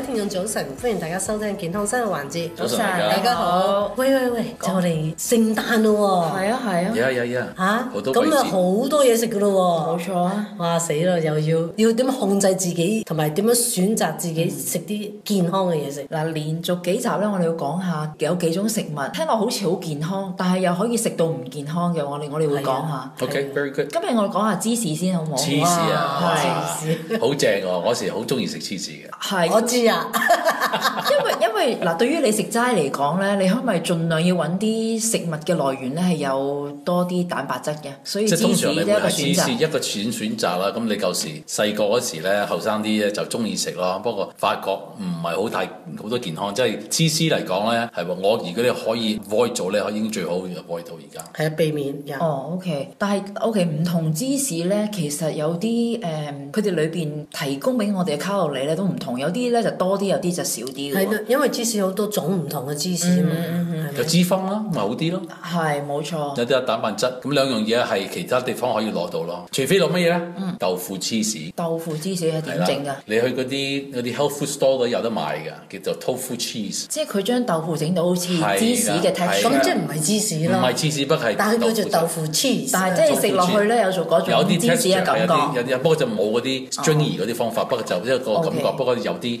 聽眾早晨，歡迎大家收聽健康生活環節。早晨，大家好。喂喂喂，就嚟聖誕咯喎。係啊，係啊。有啊有啊。嚇，咁咪好多嘢食噶咯喎。冇錯啊。哇死咯，又要要點樣控制自己，同埋點樣選擇自己食啲健康嘅嘢食。嗱，連續幾集咧，我哋要講下有幾種食物，聽落好似好健康，但係又可以食到唔健康嘅。我哋我哋會講下。OK, very good。今日我哋講下芝士先好唔好？芝士啊，係。好正喎！我以前好中意食芝士嘅。係，我知 因為因為嗱、呃，對於你食齋嚟講咧，你可唔可以盡量要揾啲食物嘅來源咧係有多啲蛋白質嘅，所以即是芝士咧就一個選擇一個選擇啦。咁、嗯嗯、你舊時細個嗰時咧，後生啲咧就中意食咯。不過發覺唔係好大好多健康，即係芝士嚟講咧，係喎。我而家如果你可以 avoid 做咧，可以最好 avoid 到而家。係啊，避免、嗯、哦，OK，但係 OK，唔同芝士咧，其實有啲誒，佢哋裏邊提供俾我哋嘅卡路里咧都唔同，有啲咧就。多啲有啲就少啲喎。因為芝士好多種唔同嘅芝士就脂肪啦，咪好啲咯。係，冇錯。有啲啊蛋白質，咁兩樣嘢係其他地方可以攞到咯。除非攞乜嘢咧？豆腐芝士。豆腐芝士係點整㗎？你去嗰啲嗰啲 health food store 嗰有得買㗎，叫做 tofu cheese。即係佢將豆腐整到好似芝士嘅 t e x t e 咁即係唔係芝士咯？唔係芝士，不係。但佢叫做豆腐 cheese，但係即係食落去咧有做嗰種芝士嘅感覺。有啲，不過就冇嗰啲 drain 嗰啲方法，不過就一個感覺，不過有啲。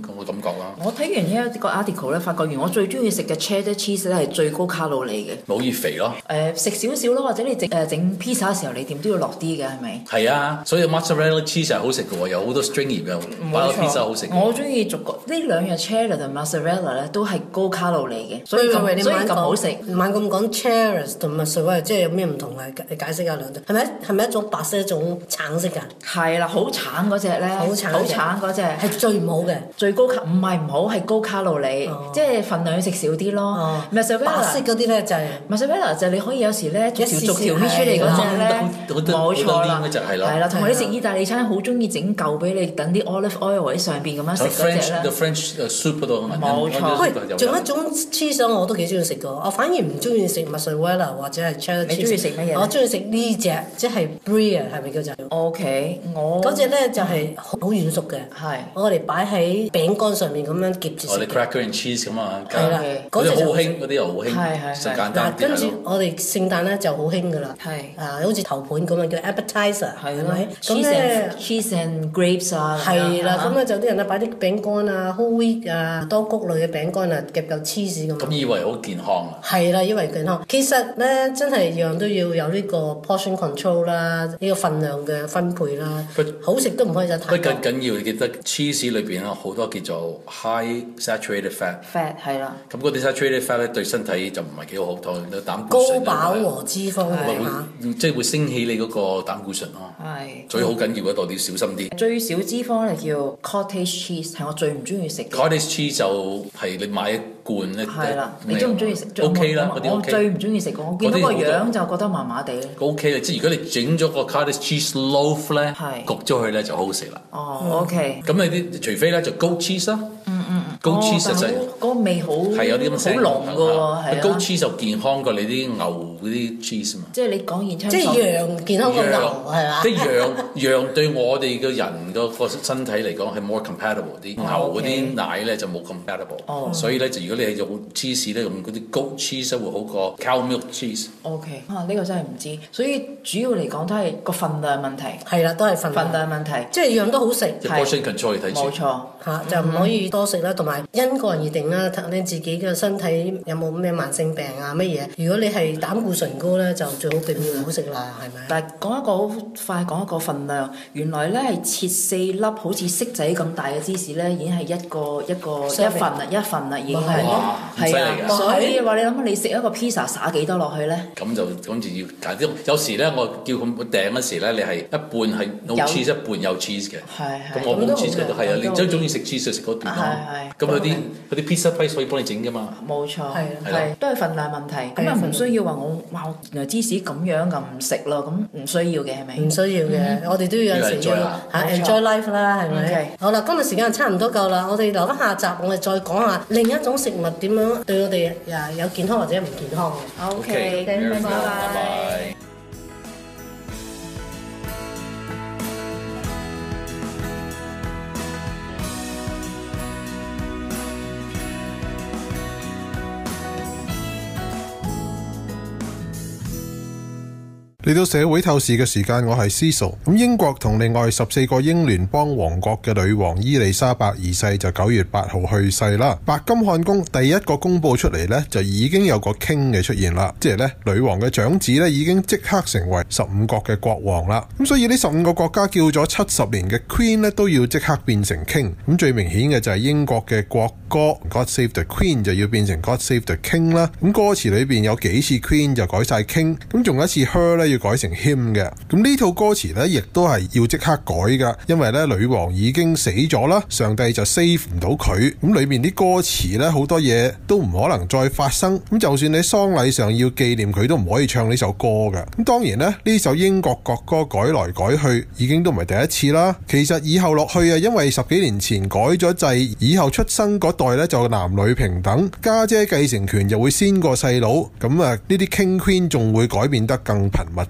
個感覺啦！我睇完一啲個 article 咧，發覺完我最中意食嘅 cheddar cheese 咧係最高卡路里嘅，好易肥咯。誒，食少少咯，或者你整誒整 pizza 嘅時候，你點都要落啲嘅，係咪？係啊，所以 mozzarella cheese 係好食嘅喎，有好多 stringy 嘅，擺落 pizza 好食。我中意逐個呢兩樣 cheddar 同 mozzarella 咧，都係高卡路里嘅，所以你以咁好食。唔慢咁講 cheddar 同 mozzarella 即係有咩唔同啊？解釋下兩隻係咪？係咪一種白色一種橙色㗎？係啦，好橙嗰隻咧，好橙嗰隻係最唔好嘅，高卡唔係唔好，係高卡路里，即係份量要食少啲咯。麥穗威拉色嗰啲咧就係麥穗威拉就你可以有時咧條條條 h i 出嚟嗰隻咧，冇錯啦。同埋你食意大利餐好中意整嚿俾你，等啲 olive oil 喺上邊咁樣食隻咧。The French the French soup 嗰度冇錯。仲有一種黐我都幾中意食嘅，我反而唔中意食麥穗威拉或者係 cheese。你中意食乜嘢？我中意食呢隻，即係 brie 係咪叫就？O K，我嗰隻咧就係好軟熟嘅。係，我哋擺喺。餅乾上面咁樣夾住，我哋 cracker and cheese 咁啊，係啦，嗰陣好興，嗰啲又好興，聖誕。跟住我哋聖誕咧就好興噶啦，係啊，好似頭盤咁啊，叫 appetizer，係咪？咁咧，cheese and grapes 啊，係啦，咁咧就啲人啊擺啲餅乾啊，whole wheat 啊，多穀類嘅餅乾啊，夾嚿 cheese 咁。咁以為好健康啊？係啦，以為健康，其實咧真係樣都要有呢個 portion control 啦，呢個份量嘅分配啦，好食都唔可以就太。不緊緊要，你記得 cheese 裏邊啊好多。叫做 high saturated fat，fat 係啦。咁嗰啲 saturated fat 咧對身體就唔係幾好好，同你膽固醇升。高飽和脂肪即係會升起你嗰個膽固醇咯。係的，所以好緊要度，你要小心啲。嗯、最少脂肪咧叫 cottage cheese，係我最唔中意食。cottage cheese 就係你買。罐咧，你中唔中意食？O K 啦，我最唔中意食個，我見到個樣就覺得麻麻地，O K 啦，即係如果你整咗個 cottage cheese loaf 咧，焗咗去咧就好好食啦。哦，O K。咁你啲除非咧就 go cheese 啊，嗯嗯 go cheese 其實嗰個味好係有啲咁，好濃噶喎，係啊。go cheese 就健康過你啲牛。嗰啲 cheese 啊嘛，即係你講完餐，即係羊健康過牛係嘛？即係羊羊對我哋嘅人個身體嚟講係 more compatible，啲牛嗰啲奶咧就冇 compatible，哦，所以咧就如果你係用芝士咧用嗰啲 goat cheese 會好過 cow milk cheese。OK，啊呢個真係唔知，所以主要嚟講都係個份量問題，係啦，都係份量問題，即係樣都好食 portion control 睇住冇錯，吓，就唔可以多食啦，同埋因個人而定啦，睇你自己嘅身體有冇咩慢性病啊乜嘢，如果你係膽固抹唇膏咧就最好避免唔好食辣，係咪？但講一個好快，講一個份量。原來咧係切四粒好似骰仔咁大嘅芝士咧，已經係一個一個一份啦，一份啦，已經係。哇！咁犀利㗎。所以話你諗啊，你食一個披薩灑幾多落去咧？咁就咁就要揀啲。有時咧，我叫佢訂嗰時咧，你係一半係 no cheese，一半有 cheese 嘅。係係。咁我冇 cheese 都係啊，你都中意食 cheese 食嗰段㗎嘛？係係。咁佢啲佢啲披薩胚可以幫你整㗎嘛？冇錯。係係，都係份量問題。咁又唔需要話我。原來芝士咁樣咁唔食咯，咁唔需要嘅係咪？唔、嗯嗯、需要嘅，嗯、我哋都要食嘅嚇，enjoy life 啦，係咪？了 okay. 好啦，今日時間差唔多夠啦，我哋留翻下集，我哋再講下另一種食物點樣對我哋有健康或者唔健康嘅。OK，拜、okay, 拜、okay, okay。Bye, 嚟到社會透視嘅時間，我係 Cecil。咁英國同另外十四個英聯邦王國嘅女王伊麗莎白二世就九月八號去世啦。白金漢宮第一個公佈出嚟呢，就已經有個 king 嘅出現啦。即係呢，女王嘅長子呢已經即刻成為十五國嘅國王啦。咁所以呢十五個國家叫咗七十年嘅 queen 呢，都要即刻變成 king。咁最明顯嘅就係英國嘅國歌 God Save the Queen 就要變成 God Save the King 啦。咁歌詞裏邊有幾次 queen 就改晒 king。咁仲有一次 her 咧要，改成 him 嘅，咁呢套歌詞呢亦都係要即刻改噶，因為呢女王已經死咗啦，上帝就 save 唔到佢，咁裏面啲歌詞呢好多嘢都唔可能再發生，咁就算你喪禮上要紀念佢，都唔可以唱呢首歌噶。咁當然呢，呢首英國國歌改來改去，已經都唔係第一次啦。其實以後落去啊，因為十幾年前改咗制，以後出生嗰代呢就男女平等，家姐繼承權就會先過細佬，咁啊呢啲 king queen 仲會改變得更頻密。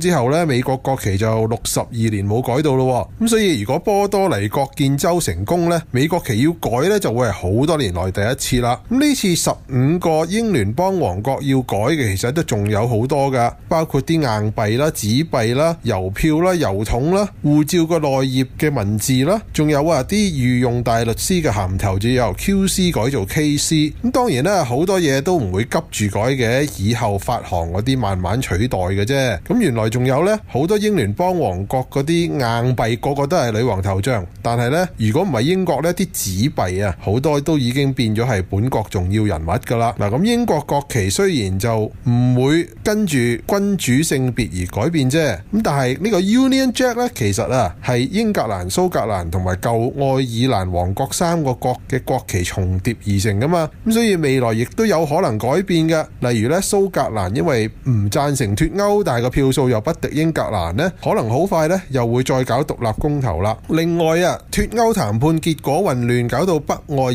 之後咧，美國國旗就六十二年冇改到咯。咁、嗯、所以如果波多黎各建州成功咧，美國旗要改咧，就會係好多年來第一次啦。咁、嗯、呢次十五個英聯邦王國要改嘅，其實都仲有好多噶，包括啲硬幣啦、紙幣啦、郵票啦、郵筒啦、護照個內頁嘅文字啦，仲有啊啲御用大律師嘅銜頭要由 QC 改做 KC。咁、嗯、當然啦，好多嘢都唔會急住改嘅，以後發行嗰啲慢慢取代嘅啫。咁、嗯、原來仲有呢好多英聯邦王國嗰啲硬幣，個個都係女王頭像。但係呢，如果唔係英國咧，啲紙幣啊，好多都已經變咗係本國重要人物噶啦。嗱，咁英國國旗雖然就唔會跟住君主性別而改變啫，咁但係呢個 Union Jack 呢，其實啊係英格蘭、蘇格蘭同埋舊愛爾蘭王國三個國嘅國旗重疊而成噶嘛。咁所以未來亦都有可能改變嘅，例如咧蘇格蘭，因為唔贊成脫歐，但係個票數。又不敵英格蘭呢，可能好快呢，又會再搞獨立公投啦。另外啊，脫歐談判結果混亂，搞到北愛爾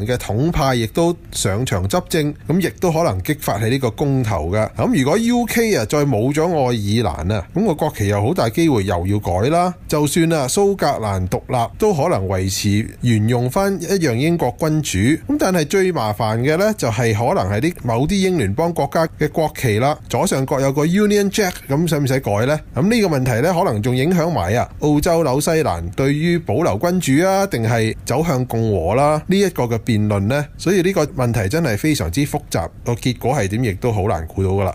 蘭嘅統派亦都上場執政，咁亦都可能激發起呢個公投噶。咁如果 U.K. 啊再冇咗愛爾蘭啊，咁個國旗又好大機會又要改啦。就算啊蘇格蘭獨立，都可能維持沿用翻一樣英國君主。咁但係最麻煩嘅呢，就係、是、可能係啲某啲英聯邦國家嘅國旗啦。左上角有個 Union Jack 咁使唔使改呢，咁呢個問題呢，可能仲影響埋啊澳洲紐西蘭對於保留君主啊，定係走向共和啦？呢一個嘅辯論呢，所以呢個問題真係非常之複雜，個結果係點，亦都好難估到噶啦。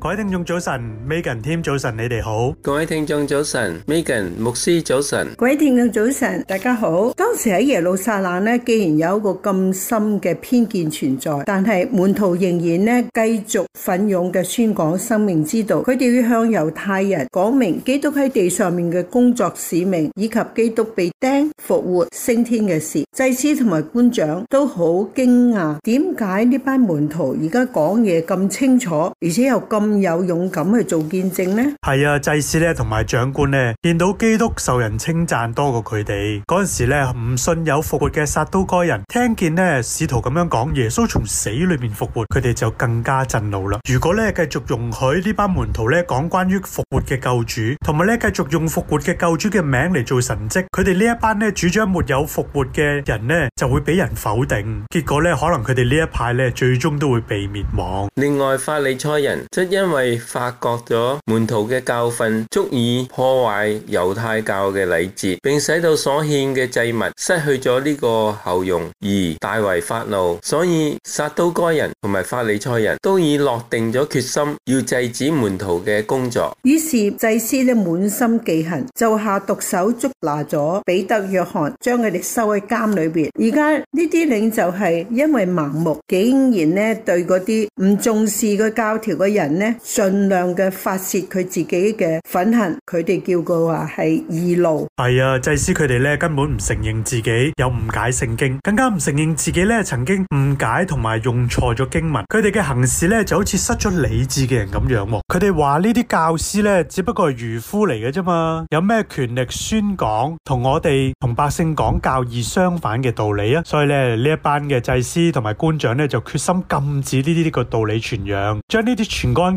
各位聽眾早晨，Megan Team 早晨，你哋好。各位聽眾早晨，Megan 牧師早晨。各位聽眾早晨，大家好。當時喺耶路撒冷呢，既然有一個咁深嘅偏見存在，但係門徒仍然呢繼續奮勇嘅宣講生命之道。佢哋要向猶太人講明基督喺地上面嘅工作使命，以及基督被釘復活升天嘅事。祭司同埋官長都好驚訝，點解呢班門徒而家講嘢咁清楚，而且又咁。咁有勇敢去做見證呢？係啊，祭司咧同埋長官咧，見到基督受人稱讚多過佢哋嗰陣時咧，唔信有復活嘅撒都該人，聽見咧使徒咁樣講耶穌從死裏面復活，佢哋就更加震怒啦。如果咧繼續容許呢班門徒咧講關於復活嘅救主，同埋咧繼續用復活嘅救主嘅名嚟做神蹟，佢哋呢一班咧主張沒有復活嘅人咧，就會俾人否定。結果咧可能佢哋呢一派咧最終都會被滅亡。另外法利賽人出一。因為發覺咗門徒嘅教訓足以破壞猶太教嘅禮節，並使到所獻嘅祭物失去咗呢個效用，而大為發怒，所以撒都該人同埋法利賽人都已落定咗決心要制止門徒嘅工作。於是祭司咧滿心記恨，就下毒手捉拿咗彼得、約翰，將佢哋收喺監裏邊。而家呢啲領袖係因為盲目，竟然咧對嗰啲唔重視個教條嘅人咧，盡量嘅發泄佢自己嘅憤恨，佢哋叫佢話係異路。係啊，祭司佢哋咧根本唔承認自己有誤解聖經，更加唔承認自己咧曾經誤解同埋用錯咗經文。佢哋嘅行事咧就好似失咗理智嘅人咁樣。佢哋話呢啲教師咧只不過係漁夫嚟嘅啫嘛，有咩權力宣講同我哋同百姓講教義相反嘅道理啊？所以咧呢這一班嘅祭司同埋官長咧就決心禁止呢啲呢個道理傳揚，將呢啲傳干。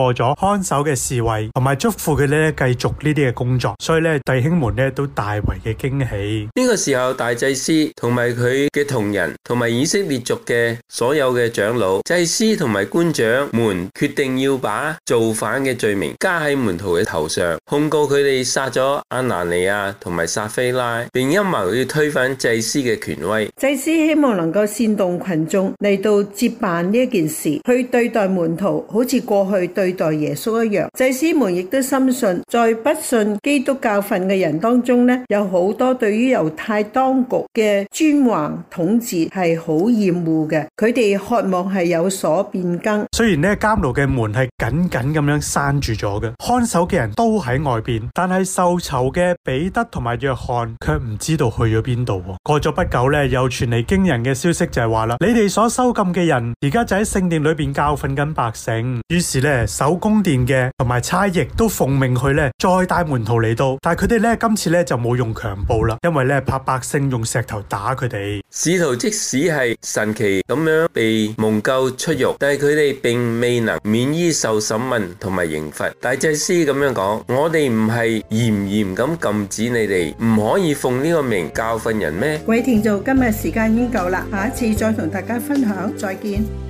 過咗看守嘅侍衛同埋祝福佢咧繼續呢啲嘅工作，所以咧弟兄們咧都大為嘅驚喜。呢個時候大祭司同埋佢嘅同仁同埋以色列族嘅所有嘅長老、祭司同埋官長們決定要把造反嘅罪名加喺門徒嘅頭上，控告佢哋殺咗阿拿尼亞同埋撒非拉，並陰謀要推翻祭司嘅權威。祭司希望能夠煽動群眾嚟到接辦呢一件事，去對待門徒好似過去。對待耶穌一樣，祭司們亦都深信，在不信基督教訓嘅人當中咧，有好多對於猶太當局嘅專橫統治係好厭惡嘅，佢哋渴望係有所變更。雖然咧監牢嘅門係緊緊咁樣閂住咗嘅，看守嘅人都喺外邊，但係受囚嘅彼得同埋約翰卻唔知道去咗邊度。過咗不久咧，又傳嚟驚人嘅消息，就係話啦，你哋所收禁嘅人，而家就喺聖殿裏邊教訓緊百姓。於是咧。守殿官嘅同埋差役都奉命去咧，再帶門徒嚟到，但係佢哋咧今次咧就冇用強暴啦，因為咧怕百姓用石頭打佢哋。使徒即使係神奇咁樣被蒙救出獄，但係佢哋並未能免於受審問同埋刑罰。大祭司咁樣講：我哋唔係嚴嚴咁禁止你哋唔可以奉呢個名教訓人咩？鬼田做今日時間已經夠啦，下一次再同大家分享，再見。